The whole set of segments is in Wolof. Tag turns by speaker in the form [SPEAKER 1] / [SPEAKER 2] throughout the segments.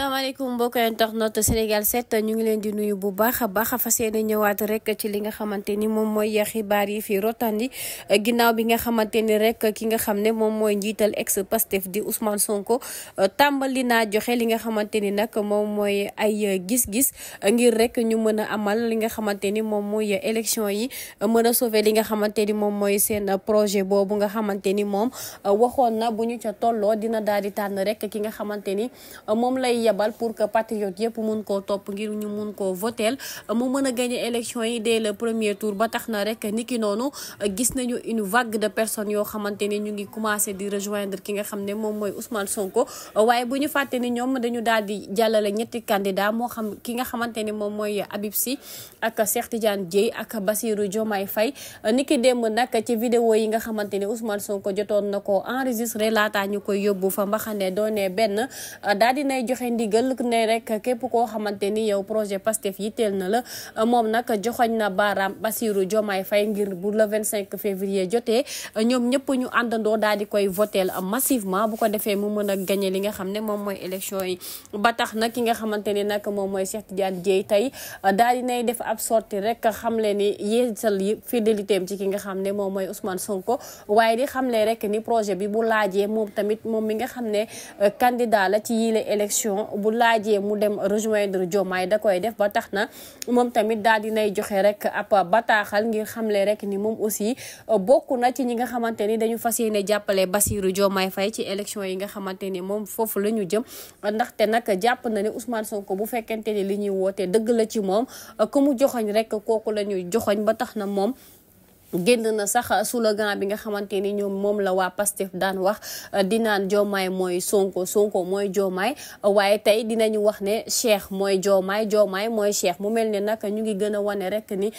[SPEAKER 1] asalaamaaleykum mbokk internet Sénégal set ñu ngi leen di nuyu bu baax a baax fas yéene ñëwaat rek ci li nga xamante ni moom mooy xibaar yi fii rotandi ginnaaw bi nga xamante ni rek ki nga xam ne moom mooy njiital ex Pastef di Ousmane Sonko tàmbali naa joxe li nga xamante ni nag moom mooy ay gis-gis ngir rek ñu mën a amal li nga xamante ni moom mooy élection yi mën a sauver li nga xamante ni moom mooy seen projet boobu nga xamante ni moom waxoon na bu ñu ca tolloo dina daal di tànn rek ki nga xamante ni moom lay. yebal pour que patriote yëpp mun koo topp ngir ñu mun koo voteel mu mën a gagné élection yi dès le premier tour ba tax na rek niki noonu gis nañu une vague de personnes yoo xamante ni ñu ngi commencé di rejoindre ki nga xam ne moom mooy Ousmane Sonko waaye bu ñu fàtte ni ñoom dañu daal di jàllale ñetti candidat moo xam ki nga xamante ni moom mooy Habib Sy ak Cheikh Tidiane Dieye ak Bassirou Diomaye Faye niki démb nag ci vidéo yi nga xamante ni Ousmane Sonko jotoon na ko enregistré laata ñu koy yóbbu fa mbaxane doone benn daal nay joxe ndigal ne rek képp koo xamante ni yow projet Pastef yitteel na la moom nag joxoñ na baaraam Bassirou Diomaye Faye ngir bu le 25 février jotee ñoom ñëpp ñu àndandoo daal di koy voteel massivement bu ko defee mu mën a gagné li nga xam ne moom mooy élection yi ba tax nag ki nga xamante ni nag moom mooy Cheikh Tidiane Dièye tey daal di nay def ab sortie rek xam le ni yeesal yi fidélité am ci ki nga xam ne moom mooy Ousmane Sonko waaye di xam le rek ni projet bi bu laajee moom tamit moom mi nga xam coalition bu laajee mu dem rejoindre Diomaye da koy def ba tax na moom tamit daal dinay joxe rek ab bataaxal ngir xamle rek ni moom aussi euh, bokk na ci ñi nga xamante ni dañu fas yéene jàppale Bassirou Diomaye fay ci élection yi nga xamante ni moom foofu la ñu jëm ndaxte nag jàpp na ne Ousmane Sonko bu fekkente ni li ñuy woote dëgg la ci moom euh, ku mu joxoñ rek kooku la ñuy joxoñ ba tax na moom génn na sax slogan bi nga xamante ni ñoom moom la waa Pastef daan wax di naan Diomaye mooy Sonko Sonko mooy joomaay waaye tey dinañu wax ne Cheikh mooy joomaay joomaay mooy Cheikh mu mel ne nag ñu ngi gën a wane rek ni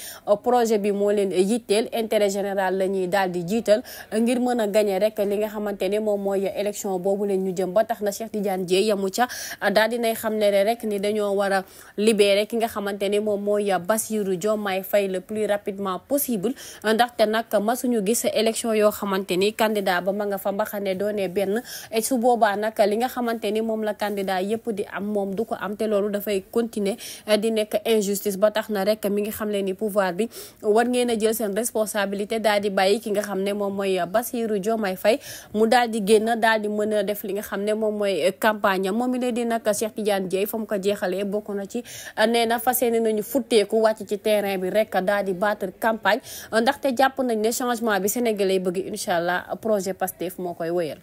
[SPEAKER 1] projet bi moo leen yitteel intérêt général la ñuy daal di jiital ngir mën a gagné rek li nga xamante ni moom mooy élection boobu leen ñu jëm ba tax na Cheikh Tidiane Dièye yamu ca daal dinay xam ne rek ni dañoo war a libéré ki nga xamante ni moom mooy Bassirou Diomaye Faye le plus rapidement possible ndaxte nag suñu gis élection yoo xamante ni candidat ba ma nga fa mbaxane doone benn su boobaa nag li nga xamante ni moom la candidat yëpp di am moom du ko am loolu dafay continuer eh, di nekk injustice ba tax na rek mi ngi xam leen ni pouvoir bi war ngeen a jël seen responsabilité daal di bàyyi ki nga xam ne moom mooy Bassirou Diomaye fay mu daal di génn daal di mën a def li nga xam ne moom mooy campagne moom it di nag Cheikh Tidiane Dieye fa mu ko jeexalee bokk na ci eh, nee na fas yéene nañu futteeku wàcc ci terrain bi rek daal di battre campagne eh, ndaxte jàpp nañ ne changement bi Sénégalais yi bëgg incha allah projet PASTEF moo koy wëyal.